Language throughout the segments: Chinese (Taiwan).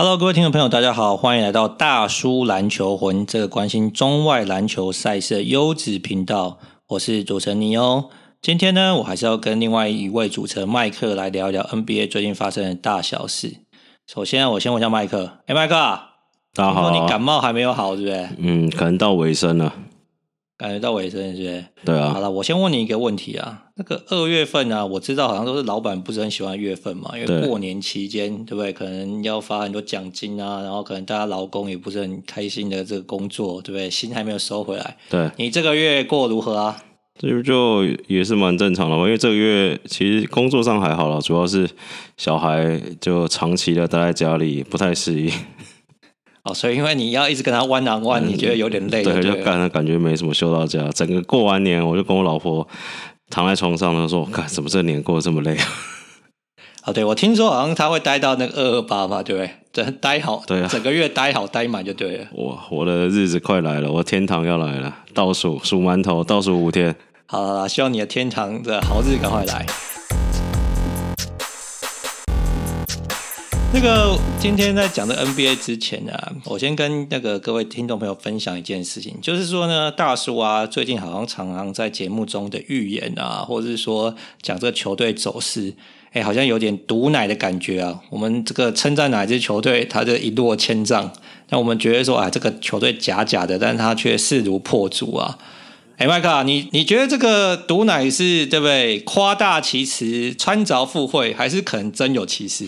Hello，各位聽眾朋友，大家好，歡迎來到大叔籃球魂這個關心中外籃球賽事的優質頻道，我是主持人尼歐。今天呢，我還是要跟另外一位主持人麥克來聊一聊 NBA 最近發生的大小事。首先、啊，我先問一下麥克，誒、欸，麥克，大家好，你，你感冒還沒有好，對不對？嗯，可能到尾聲了，感覺到尾聲，是不是？對啊。啊好了，我先問你一個問題啊。那個二月份啊，我知道好像都是老闆不是很喜歡月份嘛，因為過年期間，對，對不對？可能要發很多獎金啊，然後可能大家勞工也不是很開心的這個工作，對不對？心還沒有收回來。對，你這個月過如何啊？這不就也是蠻正常的嘛，因為這個月其實工作上還好了，主要是小孩就長期的待在家裡不太適應。哦，所以因為你要一直跟他彎啊彎，你覺得有點累對，對，就感覺感覺沒什麼休到假，整個過完年，我就跟我老婆躺在床上呢，說：“我、喔、靠，怎麼這年過得這麼累啊？”好，對我聽說好像他會待到那個二二八八，對不對？待好，對啊，整個月待好待滿就對了。我我的日子快來了，我天堂要來了，倒數數饅頭，倒數五天。好了，希望你的天堂的好日子趕快來。那個今天在講的 NBA 之前啊，我先跟那個各位聽眾朋友分享一件事情，就是說呢，大叔啊，最近好像常常在節目中的預言啊，或者是說講這個球隊走勢，哎，好像有點毒奶的感覺啊。我們這個稱讚哪一支球隊，他就一落千丈；那我們覺得說，啊、哎，這個球隊假假的，但是他卻勢如破竹啊。哎，麥克，你你覺得這個毒奶是對不對誇大其詞、穿鑿附會，還是可能真有其事？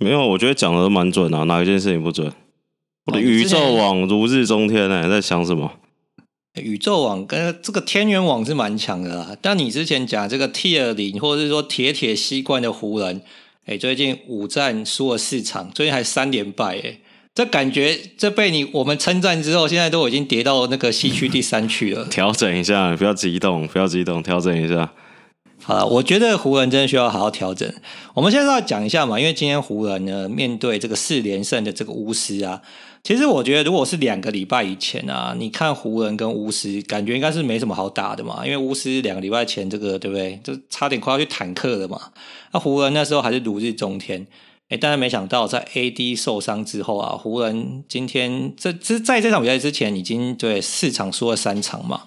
沒有，我覺得講的蠻準啊，哪一件事情不準？我的宇宙網如日中天，欸啊，你在，在想什麼？宇宙網跟這個天元網是蠻強的啦。但你之前講這個 T20，或者是說鐵鐵西冠的湖人誒，最近五戰輸了四場，最近還三連敗哎，欸，這感覺這被你我們稱讚之後，現在都已經跌到那個西區第三區了。 調整一下，不要激動，不要激動，調整一下。啊，我覺得湖人真的需要好好調整。我們現在要講一下嘛，因為今天湖人呢面對這個四連勝的這個巫師啊，其實我覺得如果是兩個禮拜以前啊，你看湖人跟巫師，感覺應該是沒什麼好打的嘛，因為巫師兩個禮拜前這個對不對，就差點快要去坦克了嘛。那、啊、湖人那時候還是如日中天，哎，但是沒想到在 AD 受傷之後啊，湖人今天這這在這場比賽之前已經對四場輸了三場嘛。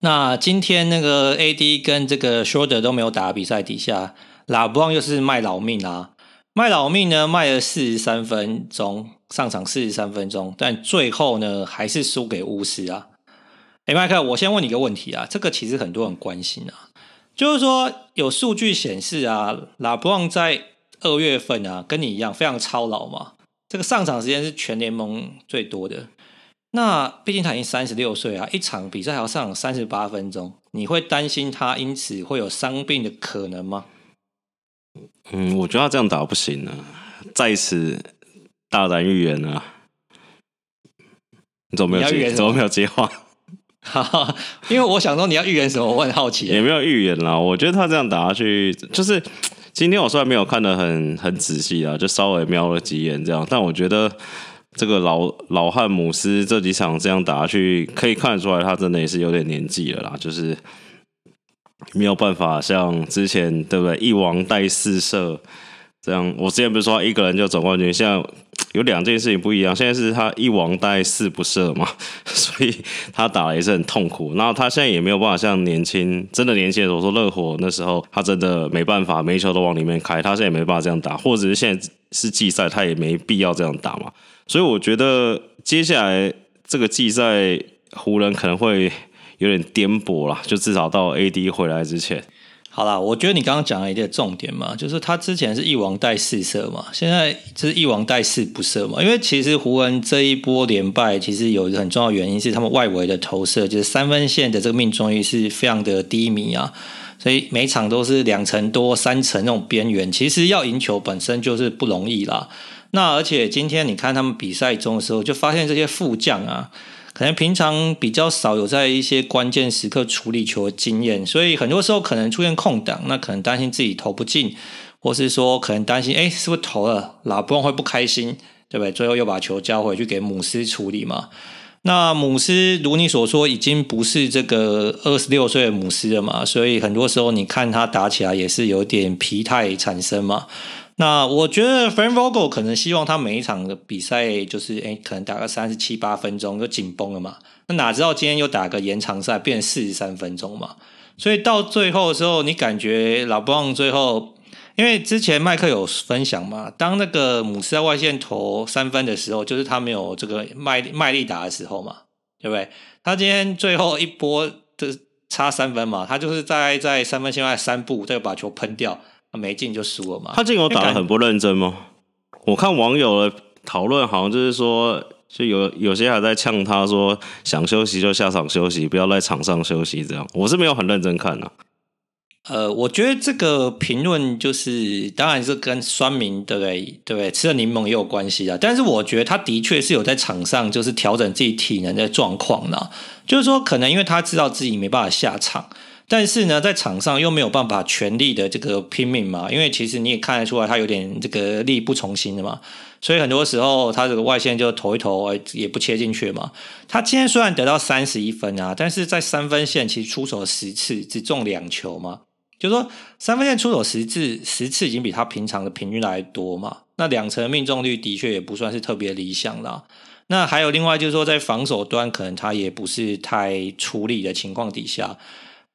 那今天那個 AD 跟這個 Schröder 都沒有打比賽，底下 LeBron 又是賣老命啦、啊，賣老命呢賣了四十三分鐘，上場四十三分鐘，但最後呢還是輸給巫師啊。哎，麥克，我先問你一個問題啊，這個其實很多人關心啊，就是說有數據顯示啊，LeBron 在二月份啊跟你一樣非常操勞嘛，這個上場時間是全聯盟最多的。那畢竟他已經三十六歲啊，一場比賽還要上三十八分鐘，你會擔心他因此會有傷病的可能嗎？嗯，我覺得他這樣打不行了。再次大膽預言啊！你怎麼沒有接？預言麼怎麼沒有接話？哈哈、啊，因為我想說你要預言什麼，我很好奇。也沒有預言了，我覺得他這樣打下去，就是今天我雖然沒有看得很很仔細啊，就稍微瞄了幾眼這樣，但我覺得。這個老老漢姆斯這幾場這樣打下去，可以看得出來，他真的也是有點年紀了啦，就是沒有辦法像之前，對不對？一王帶四射，這樣我之前不是說他一個人就總冠軍，像有兩件事情不一樣，現在是他一王帶四不射嘛，所以他打了也是很痛苦。那他現在也沒有辦法像年輕，真的年輕的時候，說熱火那時候，他真的沒辦法，每一球都往裡面開，他現在也沒辦法這樣打，或者是現在是季賽，他也沒必要這樣打嘛。所以我覺得接下來這個季賽湖人可能會有點顛簸啦，就至少到 AD 回來之前。好啦，我覺得你剛剛講了一個重點嘛，就是他之前是一王帶四射嘛，現在就是一王帶四不射嘛。因為其實湖人這一波連敗，其實有一個很重要原因，是他們外圍的投射，就是三分線的這個命中率是非常的低迷啊，所以每場都是兩成多、三成那種邊緣，其實要贏球本身就是不容易啦。那而且今天你看他們比賽中的時候，就發現這些副將啊，可能平常比較少有在一些關鍵時刻處理球的經驗，所以很多時候可能出現空檔，那可能擔心自己投不進，或是說可能擔心，誒是不是投了老不用會不開心，對不對？最後又把球交回去給姆斯處理嘛。那姆斯如你所說，已經不是這個二十六歲的姆斯了嘛，所以很多時候你看他打起來也是有點疲態產生嘛。那我覺得 Frank Vogel 可能希望他每一場的比賽就是，哎，可能打個三十七八分鐘就緊繃了嘛。那哪知道今天又打個延長賽，變四十三分鐘嘛。所以到最後的時候，你感覺老布朗最後，因為之前麥克有分享嘛，當那個姆斯在外線投三分的時候，就是他沒有這個賣賣力，力打的時候嘛，對不對？他今天最後一波就差三分嘛，他就是在在三分線外三步，再把球噴掉。他、啊、沒進就輸了嘛？他進有打得很不認真嗎？欸、我看網友的討論好像就是說，就有有些還在嗆他說，想休息就下場休息，不要在場上休息。這樣我是沒有很認真看、啊、呃，我覺得這個評論就是，當然是跟酸民對不對對吃了檸檬也有關係的。但是我覺得他的確是有在場上就是調整自己體能的狀況呢。就是說，可能因為他知道自己沒辦法下場。但是呢，在場上又沒有辦法全力的這個拼命嘛，因為其實你也看得出來，他有點這個力不從心的嘛。所以很多時候，他這個外線就投一投，也不切進去嘛。他今天雖然得到三十一分啊，但是在三分線其實出手十次，只中兩球嘛。就是說三分線出手十次，十次已經比他平常的平均來得多嘛。那兩成的命中率的確也不算是特別理想啦。那還有另外就是說，在防守端可能他也不是太出力的情況底下。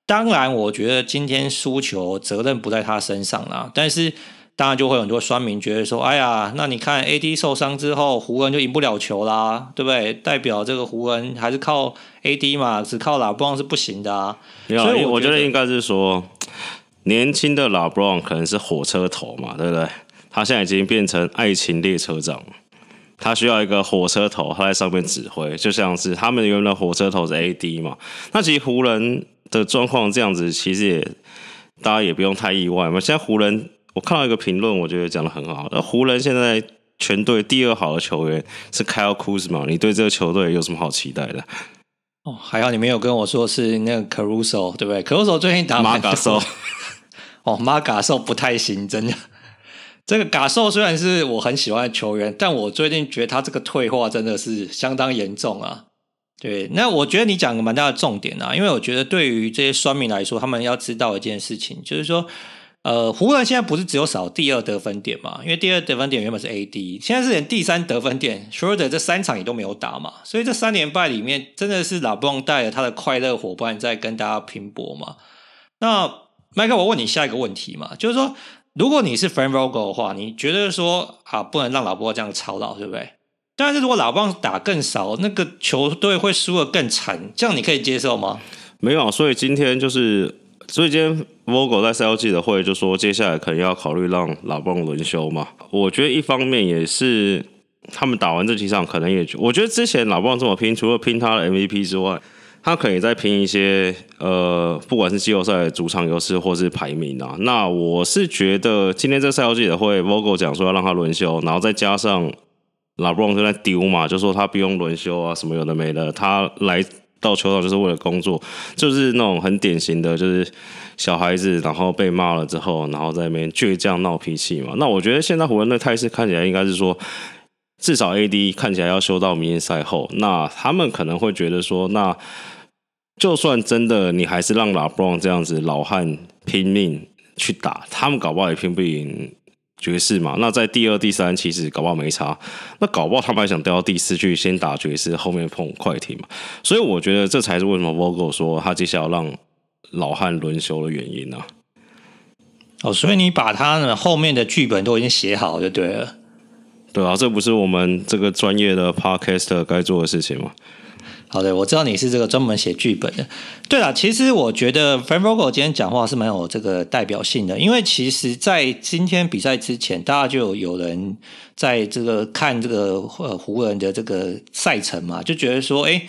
當然，我覺得今天輸球責任不在他身上啦。但是，當然就會有很多酸民覺得說：“哎呀，那你看 AD 受傷之後，湖人就贏不了球啦，對不對？代表這個湖人還是靠 AD 嘛，只靠 LeBron 是不行的啊。啊”所以我，我覺得應該是說，年輕的 LeBron 可能是火車頭嘛，對不對？他現在已經變成愛情列車長，他需要一個火車頭，他在上面指揮，就像是他們原來的火車頭是 AD 嘛。那其實湖人。的狀況這樣子，其實也大家也不用太意外嘛。現在湖人，我看到一個評論，我覺得講得很好。而湖人現在全隊第二好的球員是 Kyle Kuzma 嘛？你對這個球隊有什麼好期待的？哦，還好你沒有跟我說是那個 Caruso 對不對？Caruso 最近打馬嘎獸， 哦，馬嘎獸不太行，真的。這個嘎獸雖然是我很喜歡的球員，但我最近覺得他這個退化真的是相當嚴重啊。對，那我覺得你講個蠻大的重點啊，因為我覺得對於這些酸民來說，他們要知道一件事情，就是說，呃，湖人現在不是只有少第二得分點嘛，因為第二得分點原本是 AD，現在是連第三得分點 Schroder 這三場也都沒有打嘛，所以這三連敗裡面真的是 LeBron 帶了他的快樂夥伴在跟大家拼搏嘛。那麥克，我問你下一個問題嘛，就是說，如果你是 Frank Vogel 的話，你覺得說啊，不能讓老布這樣操勞，對不對？但是，如果老邦打更少，那個球隊會輸的更慘，這樣你可以接受嗎？沒有、啊、所以今天就是，所以今天 Vogel 在賽後記者會就說，接下來可能要考慮讓老邦輪休嘛。我覺得一方面也是他們打完這幾場，可能也我覺得之前老邦這麼拼，除了拼他的 M V P 之外，他可以再拼一些呃，不管是季後賽的主場優勢，或是排名啊。那我是覺得今天這賽後記者會，Vogel 講說要讓他輪休，然後再加上。拉布朗就在丟嘛，就說他不用輪休啊，什麼有的沒的。他來到球場就是為了工作，就是那種很典型的，就是小孩子然後被罵了之後，然後在那邊倔強鬧脾氣嘛。那我覺得現在湖人那態勢看起來應該是說，至少 AD 看起來要休到明星賽後，那他們可能會覺得說，那就算真的你還是讓拉布朗這樣子老漢拼命去打，他們搞不好也拼不贏。爵士嘛，那在第二、第三其實搞不好沒差，那搞不好他們還想掉到第四去，先打爵士，後面碰快艇嘛。所以我覺得這才是為什麼 Vogel 說他接下來要讓老漢輪休的原因呢、啊？哦，所以你把他的後面的劇本都已經寫好，就對了、嗯。對啊，這不是我們這個專業的 Podcaster 該做的事情嗎？好的，我知道你是這個專門寫劇本的。對啦，其實我覺得 Frank Vogel 今天講話是蠻有這個代表性的，因為其實，在今天比賽之前，大家就有人在這個看這個呃湖人的這個賽程嘛，就覺得說，誒，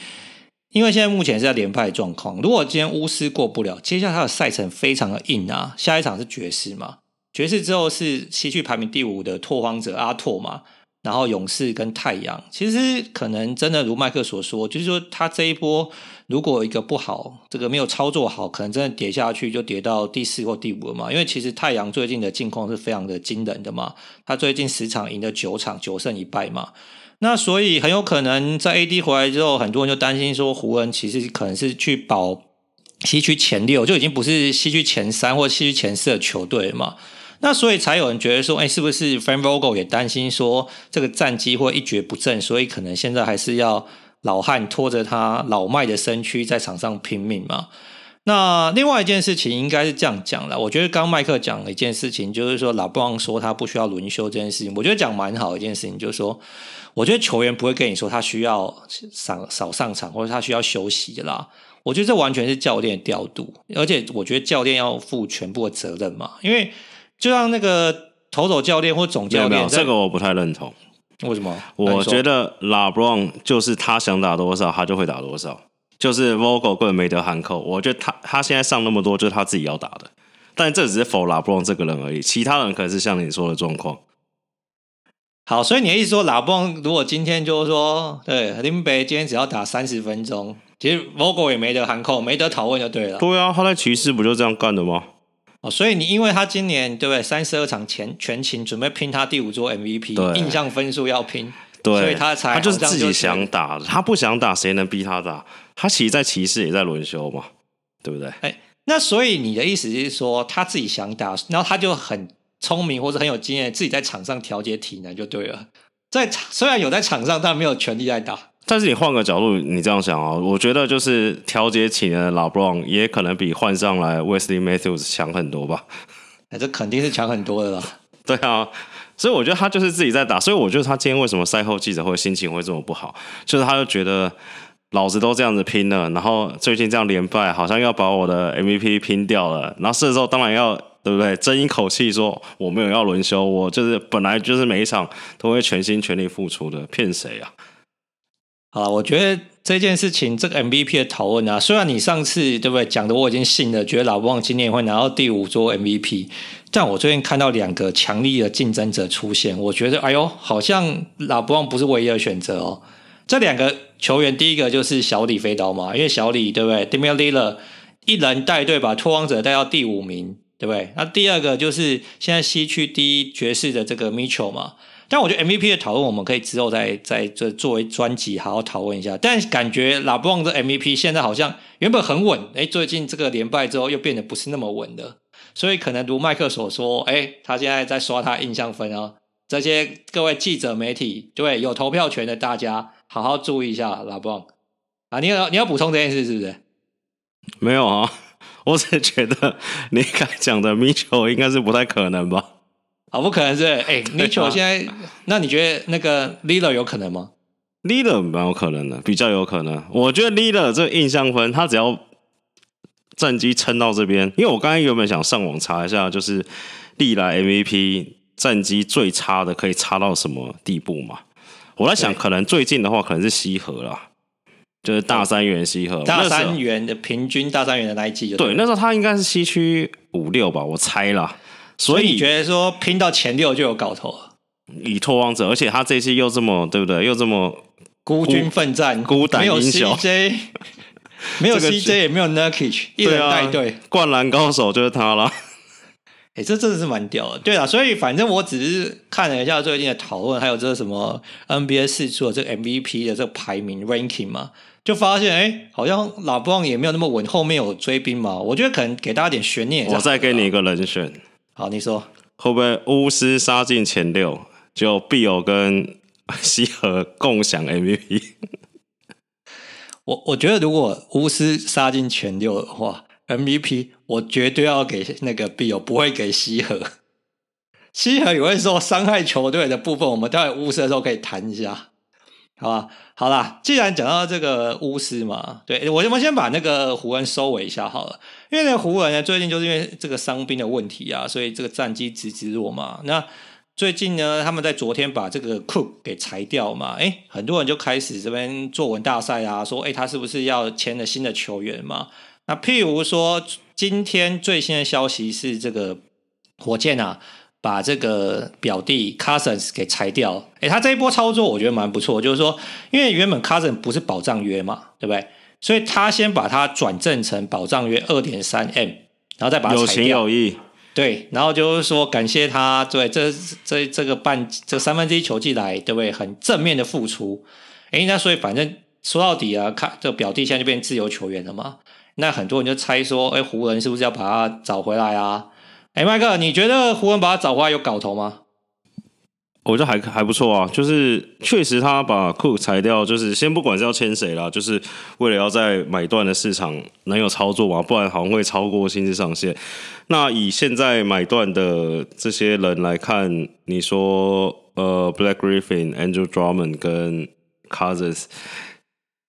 因為現在目前是在連敗狀況，如果今天巫師過不了，接下來他的賽程非常的硬啊，下一場是爵士嘛，爵士之後是西區排名第五的拓荒者阿拓嘛。然後勇士跟太陽，其實可能真的如麥克所說，就是說他這一波如果有一個不好，這個沒有操作好，可能真的跌下去就跌到第四或第五了嘛。因為其實太陽最近的境況是非常的驚人的嘛，他最近十場贏了九場，九勝一敗嘛。那所以很有可能在 AD 回來之後，很多人就擔心說，湖人其實可能是去保西區前六，就已經不是西區前三或西區前四的球隊了嘛。那所以才有人覺得說，哎、欸，是不是 Frank Vogel 也擔心說這個戰績會一蹶不振，所以可能現在還是要老漢拖着他老邁的身軀在場上拼命嘛？那另外一件事情應該是這樣講啦，我覺得剛剛麥克講了一件事情，就是說老布昂說他不需要輪休這件事情，我覺得講蠻好的一件事情，就是說，我覺得球員不會跟你說他需要上少上場，或者他需要休息的啦，我覺得這完全是教練調度，而且我覺得教練要負全部的責任嘛，因為。就讓那個頭手教練或總教練，有在這個我不太認同。為什麼？我覺得拉布朗就是他想打多少，他就會打多少。就是 Vogel 根本沒得喊扣，我覺得他他現在上那麼多，就是他自己要打的。但這只是否拉布朗這個人而已，其他人可是像你說的狀況。好，所以你意思說拉布朗如果今天就是說，對林北今天只要打三十分鐘，其實 Vogel 也沒得喊扣，沒得討論就對了。對啊，他在騎士不就這樣幹的嗎？哦，所以你因為他今年對不對三十二場前全全勤，準備拼他第五座 MVP，印象分數要拼，對所以他才他就是自己想打，就是、他不想打，誰能逼他打？他其實，在騎士也在輪休嘛，對不對？哎，那所以你的意思是說，他自己想打，然後他就很聰明或者很有經驗，自己在場上調節體能就對了，在雖然有在場上，但沒有全力在打。但是你換個角度，你這樣想哦。我覺得就是調節期的老布朗也可能比換上來 Wesley Matthews 強很多吧？欸，這肯定是強很多的啦。對啊，所以我覺得他就是自己在打，所以我覺得他今天為什麼賽後記者會心情會這麼不好，就是他就覺得老子都這樣子拼了，然後最近這樣連敗，好像要把我的 MVP 拼掉了，然後這時候當然要，對不對，爭一口氣，說我沒有要輪休，我就是本來就是每一場都會全心全力付出的，騙誰啊？啊，我覺得這件事情這個 MVP 的討論啊，雖然你上次對不對講的，我已經信了，覺得 LeBron 今年會拿到第五座 MVP，但我最近看到兩個強力的競爭者出現，我覺得哎喲，好像 LeBron 不是唯一的選擇哦。這兩個球員，第一個就是小李飛刀嘛，因為小李對不對，Damian Lillard 一人帶隊把拓荒者帶到第五名，對不對？那第二個就是現在西區第一爵士的這個 Mitchell 嘛。但我覺得 MVP 的討論，我們可以之後再再這作為專輯好好討論一下。但感覺拉布旺這 MVP 現在好像原本很穩，哎、欸，最近這個連敗之後又變得不是那麼穩了。所以可能如麥克所說，哎、欸，他現在在刷他印象分哦，這些各位記者媒體，對有投票權的大家，好好注意一下拉布旺啊！你要你要補充這件事是不是？沒有啊，我是覺得你剛講的米 l 應該是不太可能吧。好，不可能是哎，Nicho、欸、 吧現在，那你覺得那個 Lillard 有可能嗎？Lillard 蠻有可能的，比較有可能。我覺得 Lillard 這個印象分，他只要戰績撐到這邊，因為我剛剛原本想上網查一下，就是歷來 MVP 戰績最差的可以差到什麼地步嘛？我在想，可能最近的話，可能是西河啦，就是大三元西河。嗯、大三元的平均大三元的那一季對，對，那時候他應該是西區五六吧，我猜啦。所以，所以你覺得說拼到前六就有搞頭了？以托王者，而且他這次又這麼對不對？又這麼孤，孤軍奮戰、孤膽英雄，沒有 CJ， 沒有 CJ，、這個、也沒有 Nurkic，、啊、一人帶隊，灌籃高手就是他了。哎、 欸，這真的是蠻屌的，對啊。所以反正我只是看了一下最近的討論，還有這什麼 NBA 四處的這個 MVP 的這個排名 ranking 嘛，就發現哎、欸，好像 LeBron 也沒有那麼穩，後面有追兵嘛。我覺得可能給大家點懸念，我再給你一個人選。好，你說會不會巫師殺進前六，就 Beal 跟西河共享 MVP？ 我我覺得如果巫師殺進前六的話，MVP 我絕對要給那個 Beal，不會給西河。 西河也會說傷害球隊的部分，我們待會巫師的時候可以談一下。好吧，好啦，既然講到這個巫師嘛，對，我先把那個湖人收尾一下好了，因為那個湖人呢最近就是因為這個傷兵的問題啊，所以這個戰績直直落嘛。那最近呢，他們在昨天把這個 Cook 給裁掉嘛，哎，很多人就開始這邊作文大賽啊，說哎他是不是要簽了新的球員嘛？那譬如說今天最新的消息是這個火箭啊。把這個表弟 Cousins 給裁掉了。誒他這一波操作我覺得蠻不錯，就是說，因為原本 Cousins 不是保障約嘛，對不對？所以他先把他轉正成保障約二點三 M，然後再把它裁掉，有情有義，對，然後就是說感謝他對這這這個半這三分之一球季來，對不對？很正面的付出，誒那所以反正說到底啊，看這個、表弟現在就變自由球員了嘛，那很多人就猜說，誒湖人是不是要把他找回來啊？哎，欸、麥克，你覺得胡文把他找回來有搞頭嗎？我覺得還還不錯啊，就是確實他把 Cook 裁掉，就是先不管是要簽誰啦，就是為了要在買斷的市場能有操作嘛，不然好像會超過薪資上限。那以現在買斷的這些人來看，你說呃，Black Griffin、Andrew Drummond 跟 Cousins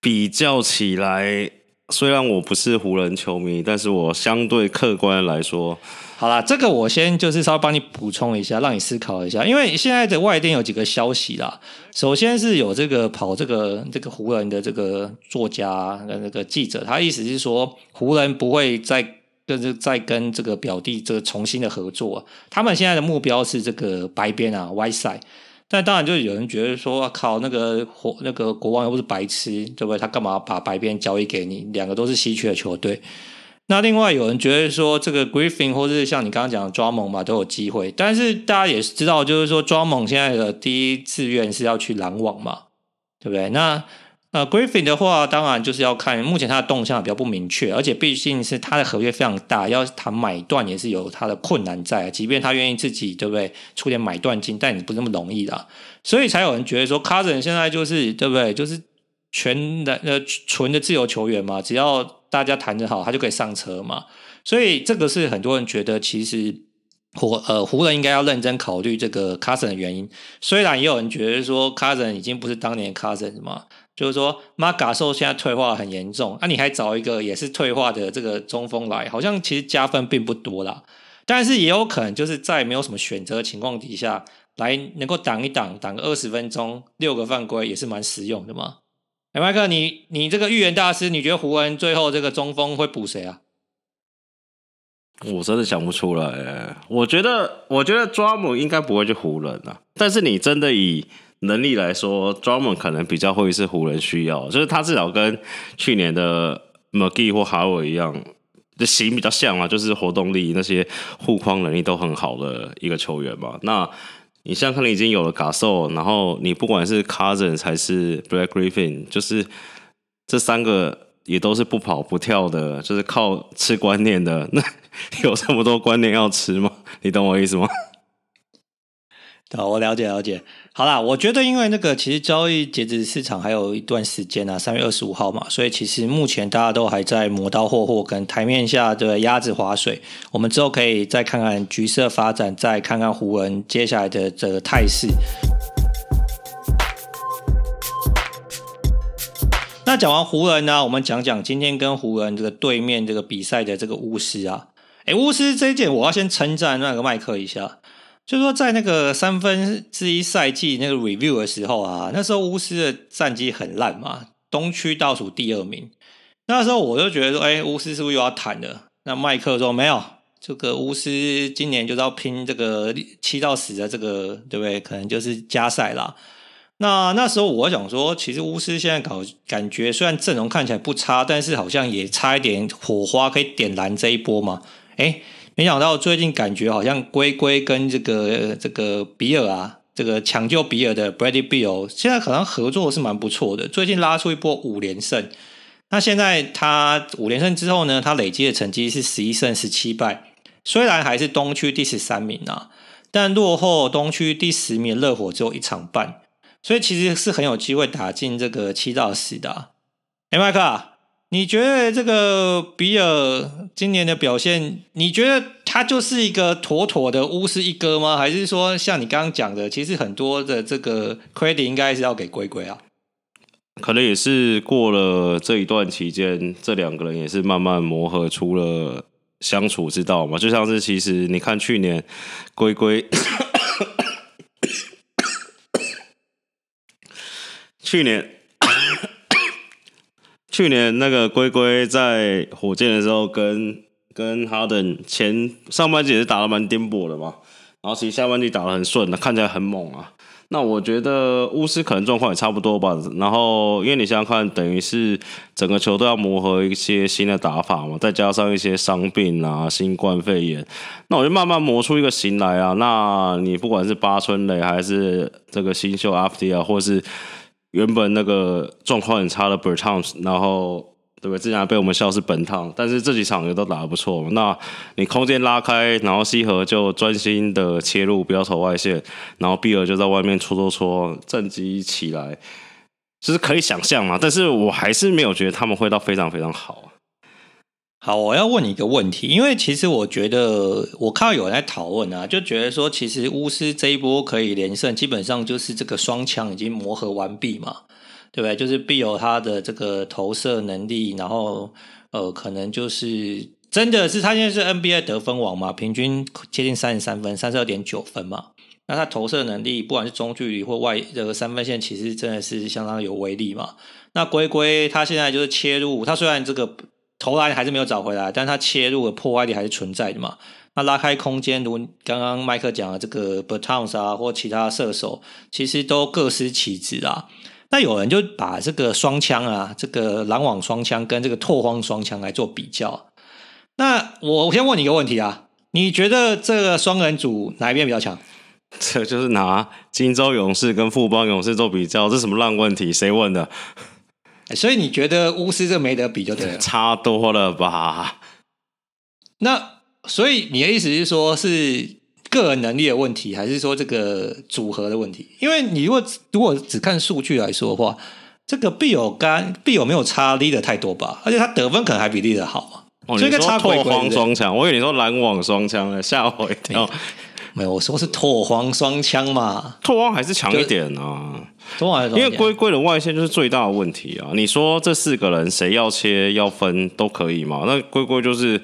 比較起來。雖然我不是湖人球迷，但是我相對客觀來說，好啦，這個我先就是稍微幫你補充一下，讓你思考一下。因為現在的外電有幾個消息啦，首先是有這個跑這個這個湖人的這個作家、啊、跟那個記者，他意思是說湖人不會再就是、再跟這個表弟這個重新的合作，他們現在的目標是這個白邊啊 Whiteside。但當然，就有人覺得說，靠，那個國那個國王又不是白痴，對不對？他幹嘛把白邊交易給你？兩個都是西區的球隊。那另外有人覺得說，這個 Griffin 或者是像你剛剛講的 Drummond 嘛，都有機會。但是大家也知道，就是說 Drummond 現在的第一志願是要去籃網嘛，對不對？那。呃，Griffin 的話，當然就是要看目前他的動向比較不明確，而且畢竟是他的合約非常大，要談買斷也是有他的困難在。即便他願意自己，對不對，出點買斷金，但也不是那麼容易的。所以才有人覺得說，Cousin 現在就是，對不對？就是全的呃，純的自由球員嘛，只要大家談的好，他就可以上車嘛。所以這個是很多人覺得，其實湖呃湖人應該要認真考慮這個 Cousin 的原因。雖然也有人覺得說，Cousin 已經不是當年 Cousin 什麼。就是說，馬卡索現在退化很嚴重，啊，你還找一個也是退化的這個中鋒來，好像其實加分並不多啦。但是也有可能就是在沒有什麼選擇的情況底下，來能夠擋一擋，擋個二十分鐘，六個犯規也是蠻實用的嘛。哎，麥克，你你這個預言大師，你覺得湖人最後這個中鋒會補誰啊？我真的想不出來耶，我覺得我覺得抓姆應該不會去湖人了，啊，但是你真的以。能力來說，Drummond 可能比較會是湖人需要，就是他至少跟去年的 McGee 或 Howard 一樣，就型比較像嘛，就是活動力、那些護框能力都很好的一個球員嘛。那你像可能已經有了 Gasol，然後你不管是 Cousins 還是 Blake Griffin，就是這三個也都是不跑不跳的，就是靠吃觀念的。那 有這麼多觀念要吃嗎？你懂我意思嗎？好，我了解了解。好啦，我覺得因為那個其實交易截止市場還有一段時間啊，三月二十五號嘛，所以其實目前大家都還在磨刀霍霍，跟台面下的鴨子划水。我們之後可以再看看局勢的發展，再看看湖人接下來的這個態勢。嗯、那講完湖人呢、啊，我們講講今天跟湖人這個對面這個比賽的這個巫師啊，哎，巫師這一點我要先稱讚那個麥克一下。就是說在那個三分之一賽季那個 review 的時候啊，那時候巫師的戰績很爛嘛，東區倒數第二名。那時候我就覺得說，誒，巫師是不是又要坦了？那麥克說沒有，這個巫師今年就是要拼這個七到十的這個，對不對？可能就是加賽啦。那那時候我想說，其實巫師現在搞感覺雖然陣容看起來不差，但是好像也差一點火花可以點燃這一波嘛。誒、欸沒想到最近感覺好像龜龜跟這個這個比爾啊，這個搶救比爾的 Bradley Beal 現在可能合作是蠻不錯的。最近拉出一波五連勝，那現在他五連勝之後呢，他累積的成績是十一勝十七敗，雖然還是東區第十三名啊，但落後東區第十名的熱火只有一場半，所以其實是很有機會打進這個七到十的啊。哎、欸，麥克啊。你覺得這個比爾今年的表現，你覺得他就是一個妥妥的巫師一哥嗎？還是說像你剛剛講的，其實很多的這個 credit 應該是要給龜龜啊？可能也是過了這一段期間，這兩個人也是慢慢磨合出了相處之道嘛。就像是其實你看去年龜龜， 去年。去年那個龜龜在火箭的時候跟，跟跟哈登，前上半季也是打的蠻顛簸的嘛，然後其實下半季打的很順的，看起來很猛啊。那我覺得巫師可能狀況也差不多吧。然後因為你想想看，等於是整個球都要磨合一些新的打法嘛，再加上一些傷病啊、新冠肺炎，那我就慢慢磨出一個型來啊。那你不管是八村壘，還是這個新秀阿弗迪啊，或是原本那個狀況很差的 Bird Towns，然後對不對？之前還被我們笑是本趟，但是這幾場也都打得不錯嘛。那你空間拉開，然後西河就專心的切入，不要投外線，然後碧爾就在外面戳戳戳戳，戰績起來，就是可以想象嘛。但是我還是沒有覺得他們會到非常非常好。好，我要問你一個問題，因為其實我覺得我看到有人在討論啊，就覺得說，其實巫師這一波可以連勝，基本上就是這個雙槍已經磨合完畢嘛，對不對？就是必有他的這個投射能力，然後呃，可能就是真的是他現在是 NBA 得分王嘛，平均接近三十三分，三十二點九分嘛，那他投射能力不管是中距離或外這個三分線，其實真的是相當有威力嘛。那龜龜他現在就是切入，他雖然這個。投籃還是沒有找回來，但他切入的破壞力還是存在的嘛。那拉開空間，如剛剛麥克講的，這個 Bertans 啊或其他射手，其實都各司其職啊。那有人就把這個雙槍啊，這個籃網雙槍跟這個拓荒雙槍來做比較。那我先問你一個問題啊，你覺得這個雙人組哪一邊比較強？這就是拿金州勇士跟富邦勇士做比較，這什麼爛問題？誰問的？所以你覺得巫師這個沒得比就對了，差多了吧？那所以你的意思是說，是個人能力的問題，還是說這個組合的問題？因為你如果如果只看數據來說的話，這個比爾幹比爾沒有差 Lillard 太多吧？而且他得分可能還比 Lillard 好嘛？哦，以龜龜你說拓荒雙槍，是是我以為你說籃網雙槍了，嚇我一跳。 沒有我說是拓荒雙槍嘛，拓荒還是強一點啊，就，因為龜龜的外線就是最大的問題啊。你說這四個人誰要切要分都可以嘛，那龜龜就是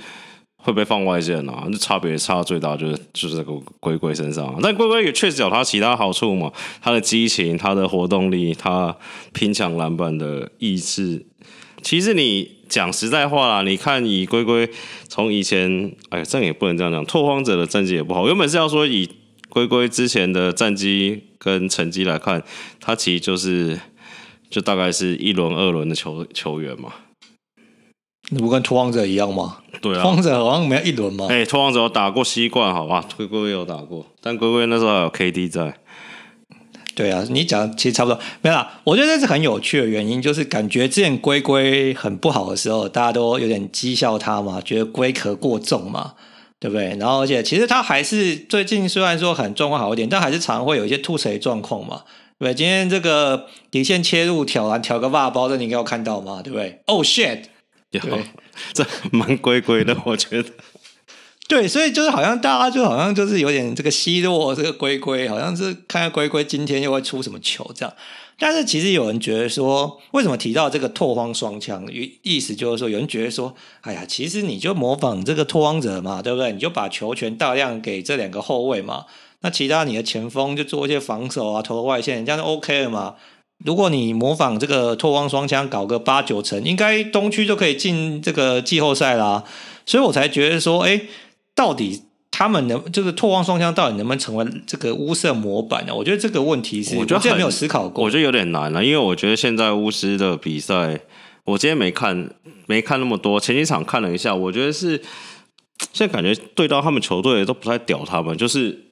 會被放外線啊。那差別差最大就是就是這個龜龜身上。但那龜龜也確實有他其他好處嘛，他的激情，他的活動力，他拼搶籃板的意志，其實你。講實在話啦，你看以龜龜從以前，哎，這也不能這樣講。拓荒者的戰績也不好，原本是要說以龜龜之前的戰績跟成績來看，他其實就是就大概是一輪、二輪的球球員嘛。你不跟拓荒者一樣嗎？對啊，拓荒者好像沒有一輪吧。哎，拓荒者有打過西冠，好吧？龜龜也有打過，但龜龜那時候還有 KD 在。對啊，你講其實差不多，沒啦，我覺得這是很有趣的原因，就是感覺之前龜龜很不好的時候，大家都有點譏笑他嘛，覺得龜殼過重嘛，對不對？然後而且其實他還是最近雖然說很狀況好一點，但還是常常會有一些凸槌狀況嘛，對不對？今天這個底線切入挑籃挑個襪包，這你有看到嘛，對不對？Oh shit！對有，這蠻龜龜的，我覺得。 對，所以就是好像大家就好像就是有點這個奚落這個龜龜，好像是看下龜龜今天又會出什麼球這樣。但是其實有人覺得說，為什麼提到這個拓荒雙槍？意意思就是說，有人覺得說，哎呀，其實你就模仿這個拓荒者嘛，對不對？你就把球權大量給這兩個後衛嘛，那其他你的前鋒就做一些防守啊、投外線，這樣就 OK 了嘛。如果你模仿這個拓荒雙槍，搞個八九成，應該東區就可以進這個季後賽啦。所以我才覺得說，哎。到底他們能就是拓荒雙槍到底能不能成為這個巫師模板呢、啊？我覺得這個問題是，我今天沒有思考過，我覺得有點難了、啊，因為我覺得現在巫師的比賽，我今天沒看，沒看那麼多，前幾場看了一下，我覺得是，現在感覺對到他們球隊都不太屌，他們就是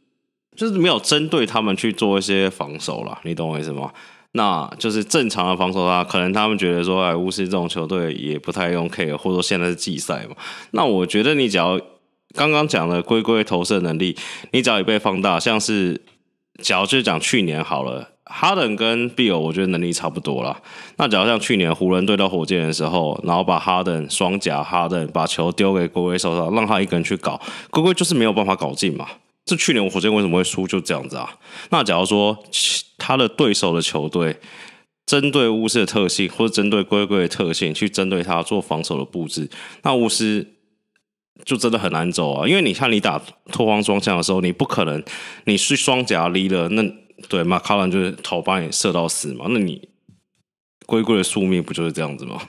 就是沒有針對他們去做一些防守啦，你懂我意思嗎？那就是正常的防守啊，可能他們覺得說，哎，巫師這種球隊也不太用 care，或者說現在是季賽嘛，那我覺得你只要。剛剛講了，龜龜投射能力，你只要被放大。像是，假如就講去年好了，哈登跟比爾，我覺得能力差不多啦。那假如像去年湖人對到火箭的時候，然後把哈登雙夾哈登，把球丟給龜龜手上，讓他一個人去搞，龜龜就是沒有辦法搞進嘛。這去年火箭為什麼會輸，就這樣子啊。那假如說其他的對手的球隊針對巫師的特性，或者針對龜龜的特性去針對他做防守的布置，那巫師。就真的很難走啊，因為你看，你打拓荒雙槍的時候，你不可能你是雙腳離了，那對馬卡倫就是頭把你射到死嘛，那你龜龜的宿命不就是這樣子嗎？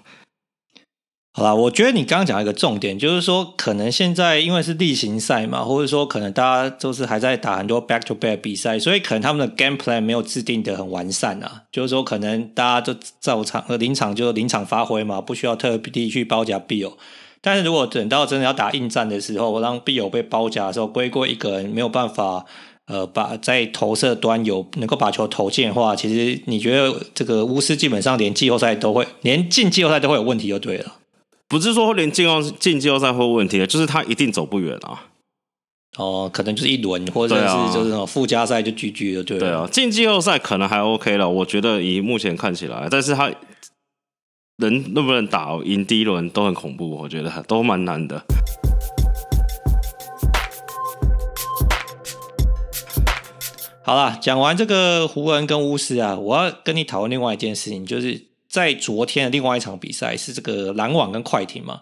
好啦，我覺得你剛剛講一個重點，就是說可能現在因為是例行賽嘛，或者說可能大家就是還在打很多 back to back 比賽，所以可能他們的 game plan 沒有制定得很完善啊，就是說可能大家就照場、臨場就臨場發揮嘛，不需要特地去包夾 B O。但是如果等到真的要打硬戰的時候，讓 B 友被包夾的時候，歸過一個人沒有辦法，呃，把在投射端有能夠把球投進的話，其實你覺得這個巫師基本上連季後賽都會，連進季後賽都會有問題就對了。不是說連進進季後賽會有問題，就是他一定走不遠啊。哦，可能就是一輪，或者是就是那種附加賽就 GG 的對了對、啊？對啊，進季後賽可能還 OK 了，我覺得以目前看起來，但是他。能，能不能打贏、哦、第一輪都很恐怖，我覺得都蠻難的。好了，講完這個湖人跟巫師啊，我要跟你討論另外一件事情，就是在昨天的另外一場比賽是這個籃網跟快艇嘛，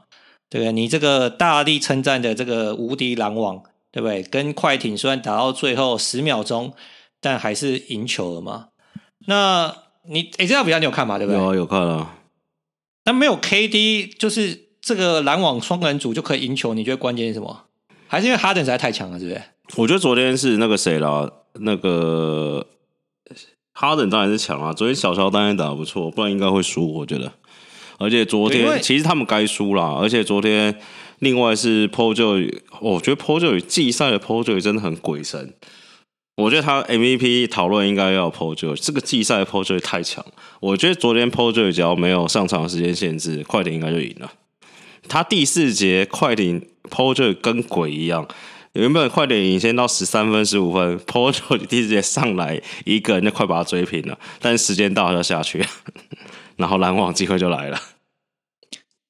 對不對？你這個大力稱讚的這個無敵籃網，對不對？跟快艇雖然打到最後十秒鐘，但還是贏球了嘛。那你哎，這場比賽你有看嗎？對不對？有啊，有看了。那、啊、沒有 KD，就是這個籃網雙人組就可以贏球，你覺得關鍵是什麼？還是因為哈登實在太強了，是不是？我覺得昨天是那個誰啦，那個哈登當然是強啊。昨天小喬當然打得不錯，不然應該會輸。我覺得，而且昨天其實他們該輸啦。而且昨天另外是 POJO，、哦、我覺得 POJO 季賽的 POJO 真的很鬼神。我覺得他 MVP 討論應該要泡椒，這個季賽泡椒太強了。我覺得昨天泡椒只要沒有上場時間限制，快艇應該就贏了。他第四節快艇泡椒跟鬼一樣，原本快艇領先到十三分、十五分，泡椒第四節上來一個人就快把他追平了，但時間到他就下去，然後籃網機會就來了。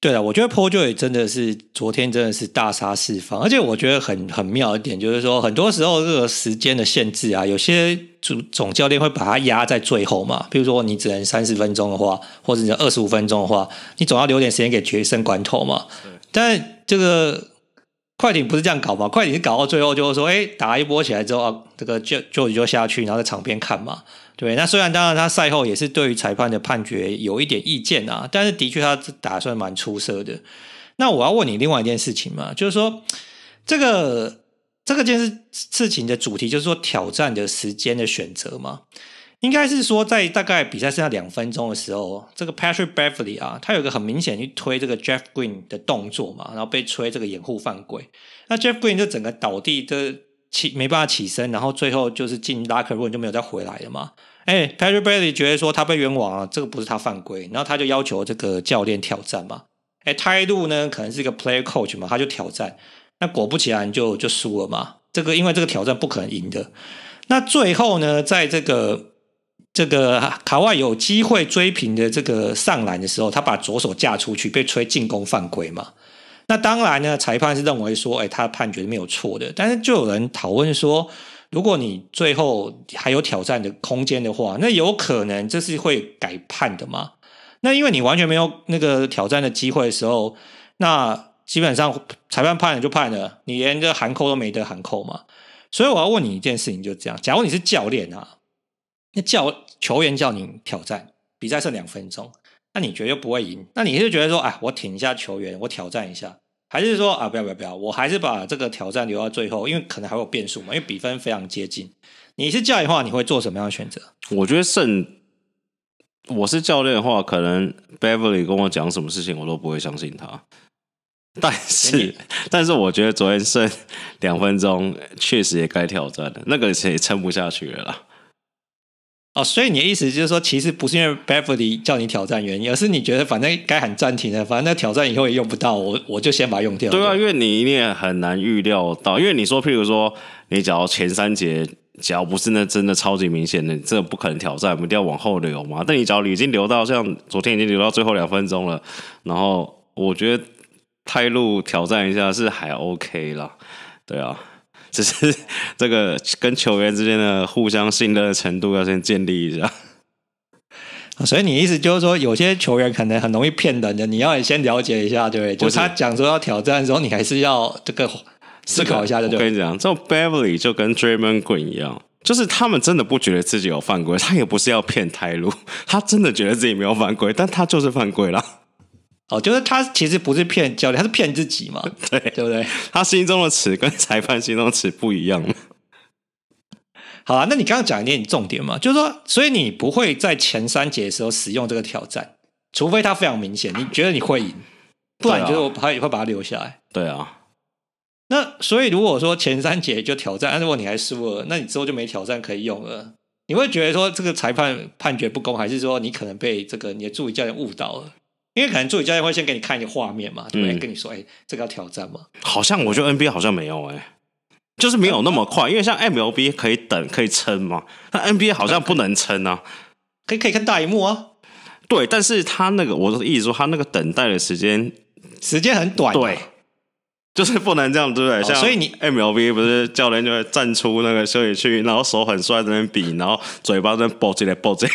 對啊，我覺得泡椒也真的是昨天真的是大殺四方，而且我覺得很很妙一點就是說，很多時候這個時間的限制啊，有些主總教練會把它壓在最後嘛。比如說你只能三十分鐘的話，或者你二十五分鐘的話，你總要留點時間給決勝關頭嘛。但這個快艇不是這樣搞嘛？快艇搞到最後就是說，哎，打一波起來之後，啊、這個就就就下去，然後在場邊看嘛。對，那雖然當然他賽後也是對於裁判的判決有一點意見啊，但是的確他打算蠻出色的。那我要問你另外一件事情嘛，就是說這個這個件事事情的主題就是說挑戰的時間的選擇嘛，應該是說在大概比賽剩下兩分鐘的時候，這個 Patrick Beverly 啊，他有一個很明顯去推這個 Jeff Green 的動作嘛，然後被吹這個掩護犯規，那 Jeff Green 就整個倒地的，起沒辦法起身，然後最後就是進拉克魯，就沒有再回來了嘛。b、欸欸、貝弗利覺得說他被冤枉啊，這個不是他犯規，然後他就要求這個教練挑戰嘛。哎、欸，泰魯呢，可能是一個 player coach 嘛，他就挑戰，那果不其然就就輸了嘛。這個因為這個挑戰不可能贏的。那最後呢，在這個這個卡哇有機會追平的這個上籃的時候，他把左手架出去，被吹進攻犯規嘛。那當然呢，裁判是認為說，哎，他判決是沒有錯的。但是就有人討論說，如果你最後還有挑戰的空間的話，那有可能這是會改判的嗎？那因為你完全沒有那個挑戰的機會的時候，那基本上裁判判了就判了，你連個喊扣，都沒得喊扣嘛。所以我要問你一件事情，就這樣，假如你是教練啊，那教，球員叫你挑戰，比賽剩兩分鐘。那你覺得不會贏？那你是覺得說，哎，我挺一下球員，我挑戰一下，還是說，啊，不要不要不要，我還是把這個挑戰留到最後，因為可能還有變數嘛，因為比分非常接近。你是教練的話，你會做什麼樣的選擇？我覺得勝，我是教練的話，可能 Beverly 跟我講什麼事情，我都不會相信他。但是，你但是我覺得昨天剩兩分鐘，確實也該挑戰的，那個誰撐不下去了啦。哦，所以你的意思就是說，其實不是因為 Beverly 叫你挑戰原因，而是你覺得反正該喊暫停了，反正那挑戰以後也用不到，我我就先把它用掉。對啊，因為你一定很難預料到，因為你說，譬如說，你只要前三節，只要不是那真的超級明顯的，這不可能挑戰，我們一定要往後留嘛。但你假如你已經留到像昨天已經留到最後兩分鐘了，然後我覺得泰路挑戰一下是還 OK 啦，對啊。只是這個跟球員之間的互相信任的程度要先建立一下，所以你意思就是說，有些球員可能很容易騙人的，你要也先了解一下，對不對是？就是他講說要挑戰的時候，你還是要這個思考一下，對不對？跟你講，這種 Beverly 就跟 Draymond Green 一樣，就是他們真的不覺得自己有犯規，他也不是要騙泰盧，他真的覺得自己沒有犯規，但他就是犯規了。哦，就是他其實不是騙教練，他是騙自己嘛，對，對不對？他心中的詞跟裁判心中的詞不一樣。好啊，那你剛剛講一點你重點嘛，就是說，所以你不會在前三節的時候使用這個挑戰，除非他非常明顯，你覺得你會贏，不然你覺得我怕會把它、啊、留下來。對啊。那所以如果說前三節就挑戰、啊，如果你還輸了，那你之後就沒挑戰可以用了。你會覺得說這個裁判判決不公，還是說你可能被這個你的助理教練誤導了？因為可能助理教練會先給你看一個畫面嘛，對不對？嗯、跟你說，哎，這個要挑戰嘛，好像我覺得 NBA 好像沒有哎、欸，就是沒有那麼快。因為像 MLB 可以等可以撐嘛，那 NBA 好像不能撐啊，可以可以，可以看大螢幕啊。對，但是他那個，我的意思說，他那個等待的時間時間很短，對，就是不能這樣，對不對？哦、所以你 MLB 不是教練就會站出那個休息區，然後手很帥在那邊比，然後嘴巴在啵來嘞啵來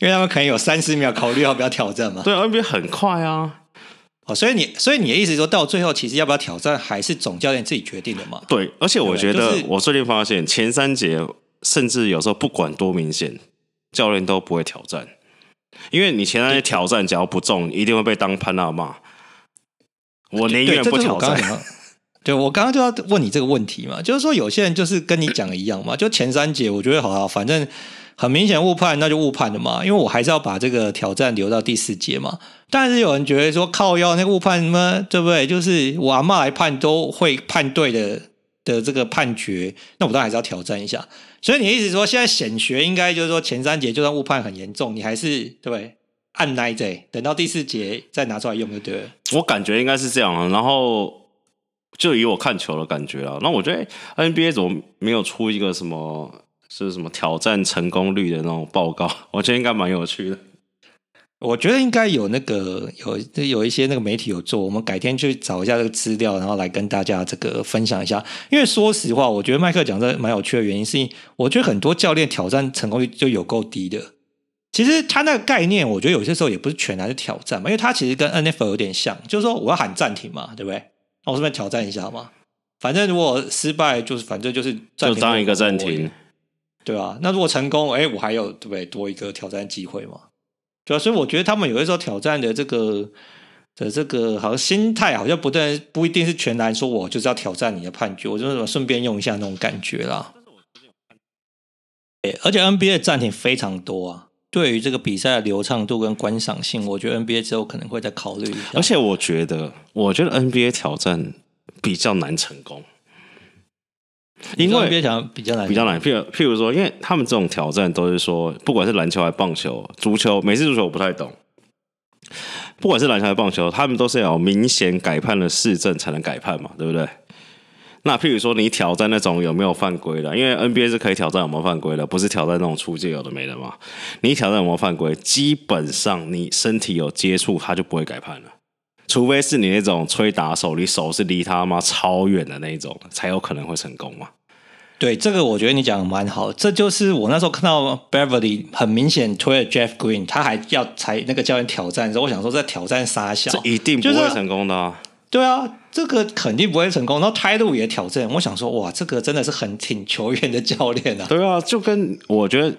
因為他們可能有三十秒考慮要不要挑戰嘛。對，NBA 很快啊，哦，所以你，所以你的意思是說到最後，其實要不要挑戰還是總教練自己決定的嘛？對，而且我覺得、就是、我最近發現前三節，甚至有時候不管多明顯，教練都不會挑戰，因為你前三節挑戰，只要對不中，你一定會被當潘娜罵。我寧願不挑戰。對，我剛剛就要問你這個問題嘛，就是說有些人就是跟你講的一樣嘛，就前三節我覺得好好，反正。很明顯誤判，那就誤判了嘛，因為我還是要把這個挑戰留到第四節嘛。但是有人覺得說靠腰，那誤判什麼對不對？就是我阿嬤來判都會判對的的這個判決，那我當然還是要挑戰一下。所以你的意思說，現在顯學應該就是說前三節就算誤判很嚴重，你還是，對，不對？按耐着，等到第四節再拿出來用就對了。我感覺應該是這樣啊，然後就以我看球的感覺啊，那我覺得 NBA 怎麼沒有出一個什麼？是，是什麼挑戰成功率的那種報告？我覺得應該蠻有趣的。我覺得應該有那個有有一些那個媒體有做，我們改天去找一下這個資料，然後來跟大家這個分享一下。因為說實話，我覺得麥克講的蠻有趣的原因，是因我覺得很多教練挑戰成功率就有夠低的。其實他那個概念，我覺得有些時候也不是全然是挑戰嘛，因為他其實跟 NFL 有點像，就是說我要喊暫停嘛，對不對？那我順便挑戰一下嘛，反正如果失敗，就是反正就是就當一個暫停。對啊，那如果成功，哎，我還有對不對？多一個挑戰機會嘛。主要、啊，所以我覺得他們有的時候挑戰的這個的這個好像心態好像不但不一定是全然說我就是要挑戰你的判決，我就是順便用一下那種感覺啦。就是、而且 NBA 的暫停非常多啊，對於這個比賽的流暢度跟觀賞性，我覺得 NBA 之後可能會再考慮一下。而且我覺得，我覺得 NBA 挑戰比較難成功。因為比較比較難，比較難。譬如譬如說，因為他們這種挑戰都是說，不管是籃球還是棒球、足球，每次足球我不太懂。不管是籃球還是棒球，他們都是要有明顯改判的事證才能改判嘛，對不對？那譬如說，你挑戰那種有沒有犯規的？因為 NBA 是可以挑戰有沒有犯規的，不是挑戰那種出界有的沒的嘛。你挑戰有沒有犯規，基本上你身體有接觸，他就不會改判了。除非是你那種吹打手，你手是離他媽超遠的那種，才有可能會成功嘛。對，這個我覺得你講的蠻好。這就是我那時候看到 b e v e r l y 很明顯推了 Jeff Green，他還要才那個教練挑戰的時候，之後我想說在挑戰沙下，這一定不會成功的，啊就是。對啊，這個肯定不會成功。然 t 態度也挑戰，我想說哇，這個真的是很挺球員的教練啊。對啊，就跟我覺得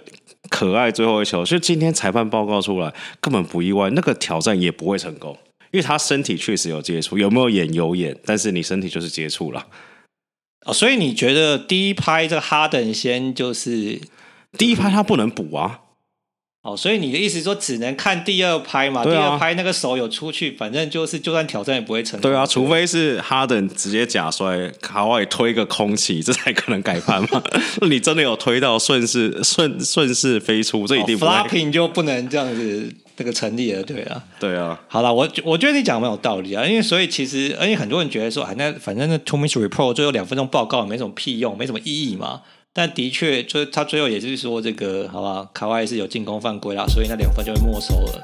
可愛最後一球，就今天裁判報告出來根本不意外，那個挑戰也不會成功。因為他身體確實有接觸，有沒有眼有眼，但是你身體就是接觸了。哦，所以你覺得第一拍這個哈登先就是第一拍他不能補啊？哦，所以你的意思是說只能看第二拍嘛？對啊，第二拍那個手有出去，反正就是就算挑戰也不會成功。對啊，除非是哈登直接假摔，卡外推個空氣，這才可能改判嘛。 你真的有推到順勢順順勢飛出，這一定不會。哦、Flopping 就不能這樣子。 這個成立了，對啊，對啊。好了，我我覺得你講的蠻有道理啊，因為所以其實，而且很多人覺得說，哎，那反正那 Two Minute Report 最後兩分鐘報告沒什麼屁用，沒什麼意義嘛。但的確，就他最後也是說這個，好吧，卡哇伊是有進攻犯規啦，所以那兩分就會沒收了。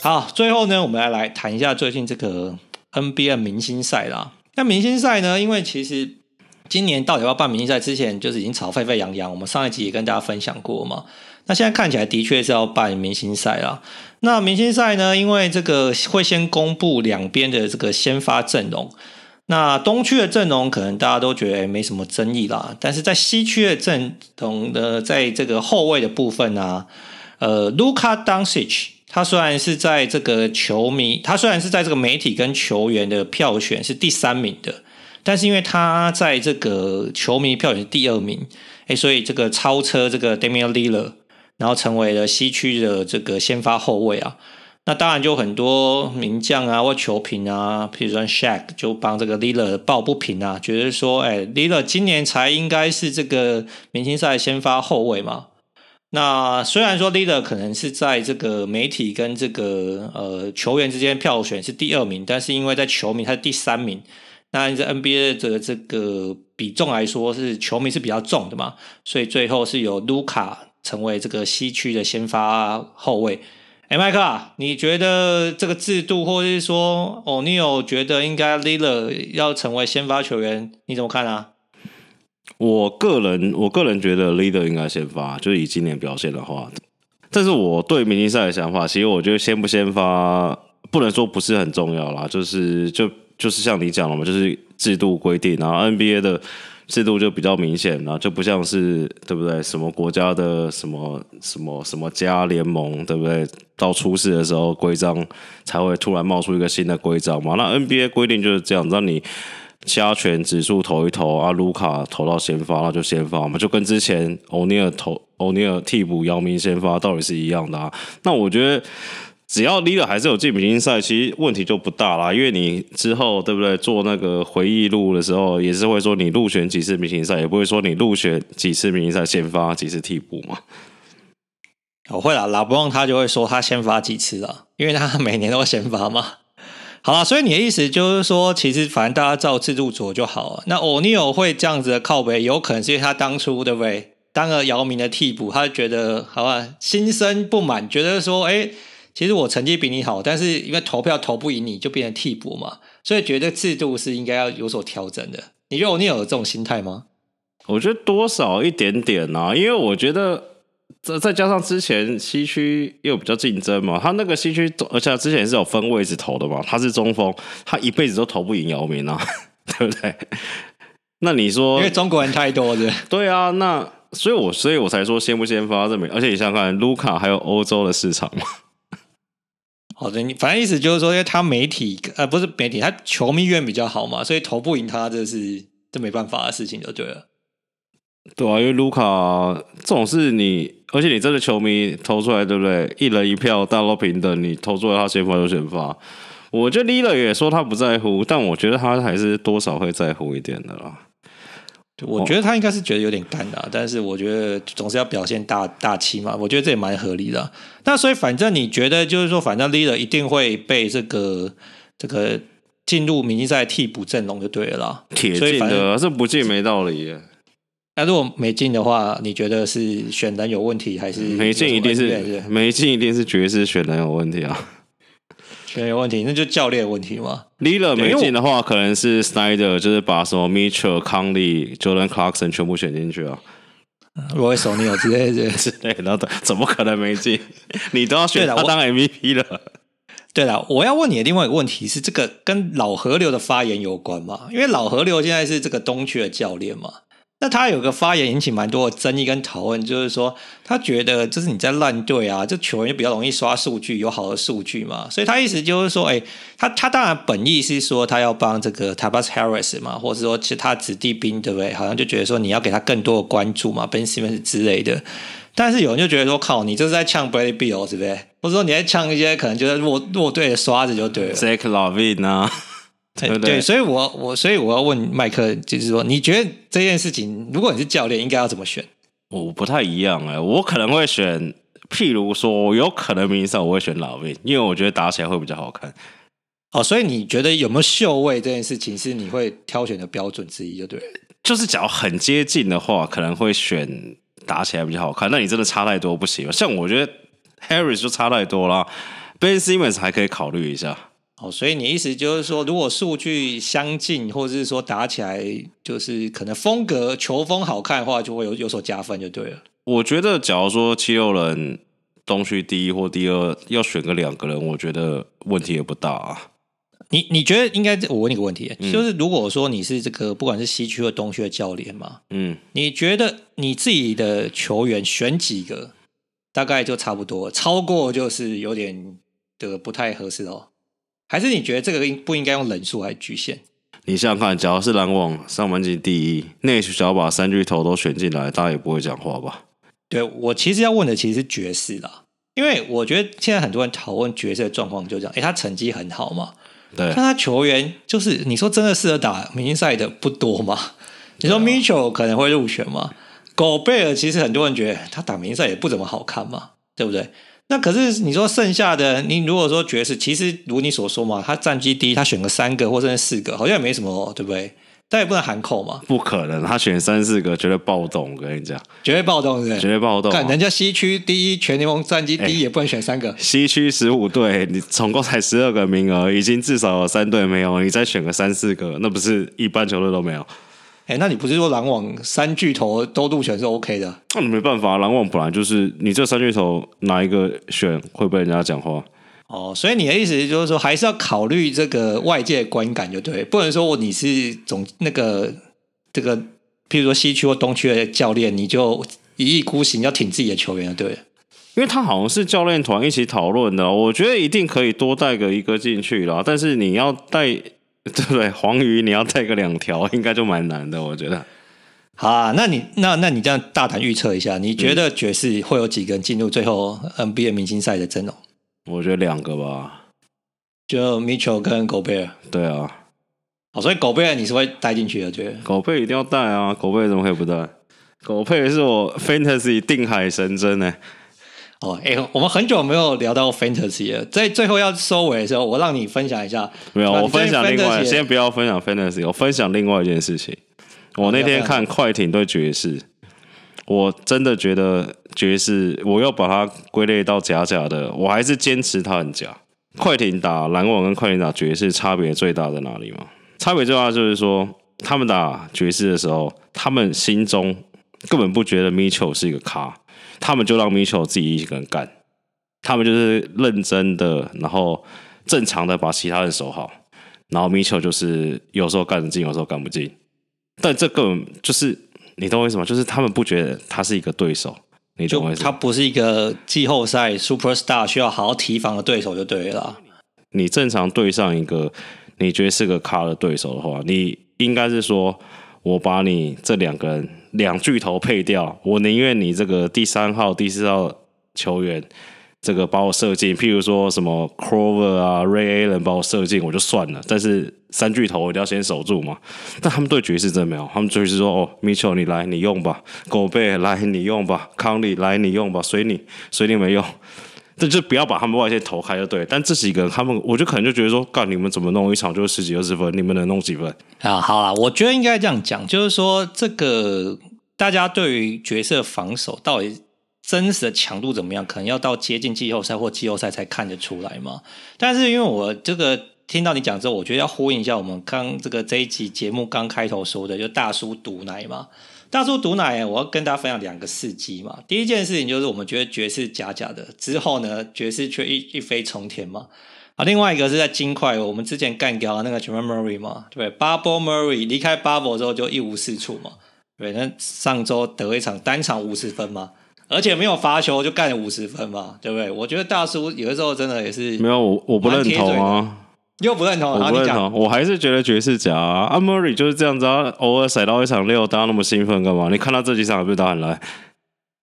好，最後呢，我們來來談一下最近這個 NBA 明星賽啦。那明星賽呢，因為其實。今年到底要，要辦明星賽，之前就是已經吵沸沸揚揚。我們上一集也跟大家分享過嘛。那現在看起來的確是要辦明星賽啊。那明星賽呢？因為這個會先公布兩邊的這個先發陣容。那東區的陣容可能大家都覺得沒什麼爭議啦。但是在西區的陣容的，在這個後衛的部分呢、啊，呃，Luka Doncic 他雖然是在這個球迷，他雖然是在這個媒體跟球員的票選是第三名的。但是因為他在這個球迷票選第二名，哎，所以這個超車這個 Damian Lillard 然後成為了西區的這個先發後衛啊。那當然就很多名將啊或球評啊，比如說 Shaq 就幫這個 Lillard 抱不平啊，覺得說，哎，Lillard 今年才應該是這個明星賽先發後衛嘛。那雖然說 Lillard 可能是在這個媒體跟這個呃球員之間票選是第二名，但是因為在球迷他是第三名。那在 NBA 的這個比重來說，是球迷是比較重的嘛。所以最後是由盧卡成為這個西區的先發後衛。哎，麥克，你覺得這個制度，或者是說奧尼爾覺得應該 Lillard 要成為先發球員，你怎麼看啊？我個人，我個人覺得 Lillard 應該先發，就是以今年表現的話，但是我對明星賽的想法。其實我覺得先不先發，不能說不是很重要啦，就是就。就是像你講了嘛，就是制度規定、啊，然後 NBA 的制度就比較明顯、啊，然後就不像是，對不對？什麼國家的什麼什麼什麼加聯盟，對不對？到出事的時候，規章才會突然冒出一個新的規章嘛。那 NBA 規定就是這樣，讓你加權指數投一投啊，盧卡投到先發，那就先發嘛，就跟之前歐尼爾投歐尼爾替補姚明先發到底是一樣的啊。那我覺得。只要 Lillard 還是有進明星賽，其實問題就不大啦，因為你之後對不對做那個回憶錄的時候，也是會說你入選幾次明星賽，也不會說你入選幾次明星賽先發幾次替補嘛。我、哦、會啦，老不用他就會說他先發幾次啊，因為他每年都會先發嘛。好了，所以你的意思就是說，其實反正大家照制度走就好了。那 O'Neill 會這樣子的靠北，有可能是因為他當初對不對當個姚明的替補，他覺得好吧，心生不滿，覺得說哎。欸其實我成績比你好，但是因為投票投不贏，你就變成替補嘛。所以覺得制度是應該要有所調整的。你覺得歐尼爾有這種心態嗎？我覺得多少一點點啊，因為我覺得再再加上之前西區又比較競爭嘛，他那個西區，而且之前也是有分位置投的嘛。他是中鋒，他一輩子都投不贏姚明啊，對不對？那你說，因為中國人太多了。對啊，那所以我，我所以我才說先不先發這名。而且你想想看，盧卡還有歐洲的市場嘛。好的，你反正意思就是說，因為他媒體呃不是媒體，他球迷緣比較好嘛，所以投不贏他，這是這是沒辦法的事情就對了。對啊，因為盧卡這種事你，而且你真的球迷投出來，對不對？一人一票，大家都平等，你投出來他先發就先發。我覺得 Lillard、er、也說他不在乎，但我覺得他還是多少會在乎一點的啦。我覺得他應該是覺得有點幹的、啊，但是我覺得總是要表現大大氣嘛，我覺得這也蠻合理的、啊。那所以反正你覺得就是說，反正 Lillard 一定會被這個這個進入明星賽替補陣容就對了啦。鐵進的、啊，正這不進沒道理耶。那、啊、如果沒進的話，你覺得是選人有問題還是沒進、嗯、一定是,是沒進一定是爵士選人有問題啊？對，有問題，那就教練問題嘛。Lillard 沒進的話，可能是 Snyder 就是把什麼 Mitchell 對、Conley、Jordan Clarkson 全部選進去了、啊。Royce Neal 類之類的之類的，然後怎麼可能沒進？ 你都要選他當 MVP 了。對了，我要問你的另外一個問題是，這個跟老河流的發言有關嗎？因為老河流現在是這個東區的教練嘛。那他有個發言引起蠻多的爭議跟討論，就是說他覺得就是你在爛隊啊，這球員就比較容易刷數據，有好的數據嘛，所以他意思就是說，誒他他當然本意是說他要幫這個 Tobias Harris 嘛，或者說其他子弟兵，對不對？好像就覺得說你要給他更多的關注嘛，Ben Simmons 之類的。但是有人就覺得說，靠，你這是在嗆 Bradley Beal，對不對？或者說你在嗆一些可能就在弱弱隊的刷子就對了，Zach LaVine 呢？對對,對，所以我我所以我要問麥克，就是說，你覺得這件事情，如果你是教練，應該要怎麼選？我、哦、不太一樣哎，我可能會選，譬如說，有可能名義上我會選老魏，因為我覺得打起來會比較好看。哦，所以你覺得有沒有秀位這件事情是你會挑選的標準之一？就對，就是只要很接近的話，可能會選打起來比較好看。那你真的差太多不行嗎？像我覺得 Harris 就差太多了，Ben Simmons 還可以考慮一下。哦，所以你意思就是說，如果數據相近，或者是說打起來就是可能風格、球風好看的話，就會有有所加分，就對了。我覺得，假如說七六人東區第一或第二要選個兩個人，我覺得問題也不大啊。你你覺得應該？我問你個問題，嗯，就是如果說你是這個不管是西區或東區的教練嘛，嗯，你覺得你自己的球員選幾個，大概就差不多，超過就是有點的不太合適哦？還是你覺得這個應不應該用人數來局限？你想想看，假如是籃網上半季第一，內只要把三巨頭都選進來，大家也不會講話吧？對我其實要問的其實是爵士啦，因為我覺得現在很多人討論爵士的狀況，就這樣，哎，他成績很好嘛，對但他球員就是你說真的適合打明星賽的不多嘛？啊、你說米切 l 可能會入選 o 狗、啊、貝爾其實很多人覺得他打明星賽也不怎麼好看嘛，對不對？那可是你說剩下的，你如果說爵士，其實如你所說嘛，他戰績第一，他選個三個或甚至四個，好像也沒什麼，對不對？但也不能含口嘛，不可能，他選三四個絕對暴動，我跟你講，絕對暴動，對絕對暴動，但人家西區第一，全聯盟戰績第一，欸、也不能選三個。西區十五隊，你總共才十二個名額，已經至少有三隊沒有，你再選個三四個，那不是一般球隊都沒有。哎，那你不是說籃網三巨頭都入選是 OK 的啊？那你沒辦法，籃網本來就是你這三巨頭哪一個選會被人家講話。哦，所以你的意思就是說，還是要考慮這個外界的觀感，就對。不能說你是總那個這個，譬如說西區或東區的教練，你就一意孤行要挺自己的球員的，對？因為他好像是教練團一起討論的，我覺得一定可以多帶個一個進去啦，但是你要帶，對不對？黃魚你要帶個兩條，應該就蠻難的，我覺得。好啊，那你那那你這樣大膽預測一下，你覺得爵士是會有幾個人進入最後 NBA 明星賽的陣容？我覺得兩個吧，就 Mitchell 跟 Gobert。對啊，好，所以 Gobert 你是會帶進去的，覺得？Gobert 一定要帶啊，Gobert 怎麼會不帶？Gobert 是我 Fantasy 定海神針呢、欸。哎、欸，我們很久沒有聊到 fantasy 了，在最後要收尾的時候，我讓你分享一下。沒有，我分享另外，先不要分享 fantasy，、嗯、我分享另外一件事情。我那天看快艇對爵士，嗯、我真的覺得爵士，我要把它歸類到假假的，我還是堅持它很假。快艇打籃網跟快艇打爵士差別最大在哪裡嗎？差別最大就是說，他們打爵士的時候，他們心中根本不覺得 Mitchell 是一個咖。他們就讓米切爾自己一個人幹，他們就是認真的，然後正常的把其他人守好，然後米切爾就是有時候幹得進，有時候幹不進，但這個就是你懂我意思嗎？就是他們不覺得他是一個對手，你懂我意思嗎？他不是一個季後賽 superstar 需要好好提防的對手就對了。你正常對上一個你覺得是個咖的對手的話，你應該是說，我把你這兩個人。兩巨頭配掉，我寧願你這個第三號、第四號球員，這個把我射進，譬如說什麼 Crawford 啊、Ray Allen 把我射進，我就算了。但是三巨頭一定要先守住嘛。但他們對爵士真的沒有，他們就是說：“哦，Mitchell 你來，你用吧；Gobert 來，你用吧；Conley 來，你用吧，隨你，隨你沒用。”那就不要把他們外線投開就對。但這幾個他們，我就可能就覺得說，幹你們怎麼弄一場就十幾二十分，你們能弄幾分啊？好了，我覺得應該這樣講，就是說，這個大家對於角色防守到底真實的強度怎麼樣，可能要到接近季後賽或季後賽才看得出來嘛。但是因為我這個聽到你講之後，我覺得要呼應一下我們剛這個這一集節目剛開頭說的，就大叔毒奶嘛。大叔毒奶，我要跟大家分享兩個事跡嘛。第一件事情就是我們覺得爵士假假的，之後呢，爵士卻一一飛沖天嘛。好、啊，另外一個是在金塊，我們之前幹掉了那個 Jamal Murray 嘛，對不對？Bubble Murray 離開 Bubble 之後就一無是處嘛，對。那上週得一場單場五十分嘛，而且沒有罰球就幹了五十分嘛，對不對？我覺得大叔有的時候真的也是的沒有，我我不認同啊。又不認同，我不認同，我還是覺得爵士假啊，阿莫瑞就是這樣子啊，偶爾踩到一場六，大家那麼興奮幹嘛？你看到這幾場還不是打很爛？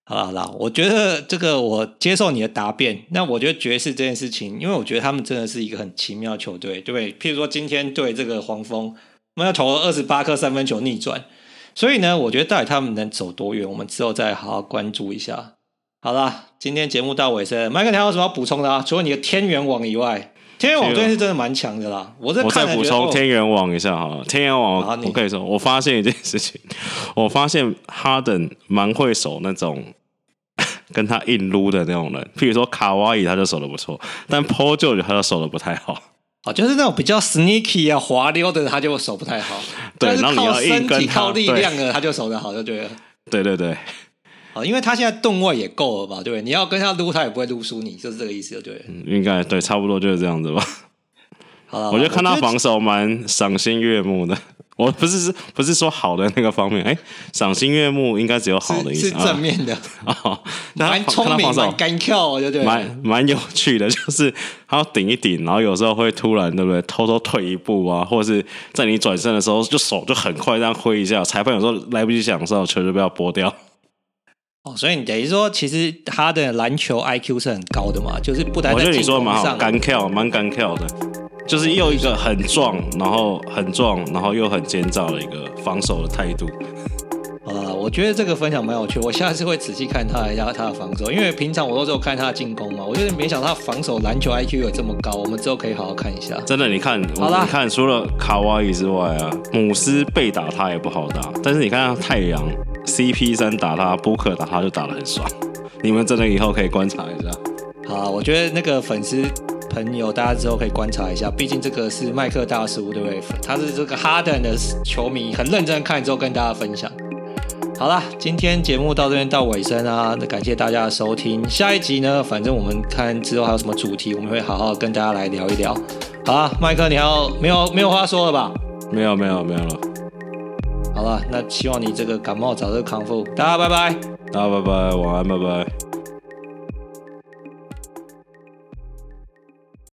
好啦好啦，我覺得這個我接受你的答辯。那我覺得爵士這件事情，因為我覺得他們真的是一個很奇妙的球隊，對不對？譬如說今天對這個黃蜂，他們投二十八顆三分球逆轉，所以呢，我覺得到底他們能走多遠，我們之後再好好關注一下。好啦，今天節目到尾聲，麥克你還有什麼要補充的啊？除了你的天元王以外。天元網最近是真的蠻強的啦，這個、我在我，我再補充天元網一下哈，天元網，啊、你我跟你說，我發現一件事情，我發現哈登蠻會守那種跟他硬擼的那種人，譬如說卡哇伊，他就守得不錯，但 Paul George 他就守得不太好。哦對，就是那種比較 sneaky 啊、滑溜的，他就守不太好。對，然後你要身體、靠力量的，對他就守得好，就覺得。對，對對對。哦，因為他現在動位也夠了吧，對不對？你要跟他擼，他也不會擼輸你，就是這個意思對了，對。嗯，應該對，差不多就是這樣子吧。啦啦我覺得看他防守蠻賞心悅目的。我不是不是說好的那個方面，哎、欸，賞心悅目應該只有好的意思，是，是正面的啊。蠻聰明，蠻干跳，我覺得蠻蠻有趣的，就是他要頂一頂，然後有時候會突然，對不對？偷偷退一步啊，或者是在你轉身的時候，就手就很快這樣揮一下，裁判有時候來不及想的時候球就被他撥掉。哦，所以你等於說，其實他的籃球 IQ 是很高的嘛？就是不單，我覺得你說的蠻好，干跳蠻干跳的，就是又一個很壯，然後很壯，然後又很奸詐的一個防守的態度。啊，我覺得這個分享蠻有趣，我下次會仔細看他一下他的防守，因為平常我都只有看他的進攻嘛。我就是沒想到他防守籃球 IQ 有這麼高，我們之後可以好好看一下。真的，你看，啦你看，除了卡哇伊之外啊，姆斯被打他也不好打，但是你看他太陽。 CP3 打他，Booker、er、打他就打得很爽。你們真的以後可以觀察一下。好，我覺得那個粉絲朋友，大家之後可以觀察一下，畢竟這個是麥克大叔對不對？他是這個哈登的球迷，很認真看之後跟大家分享。好了，今天節目到這邊到尾聲啊，感謝大家的收聽。下一集呢，反正我們看之後還有什麼主題，我們會好好跟大家來聊一聊。好了，麥克你，你要沒有沒有話說了吧？沒有，沒有，沒有了。好了，那希望你這個感冒早日康復。大家拜拜，大家拜拜，晚安，拜拜。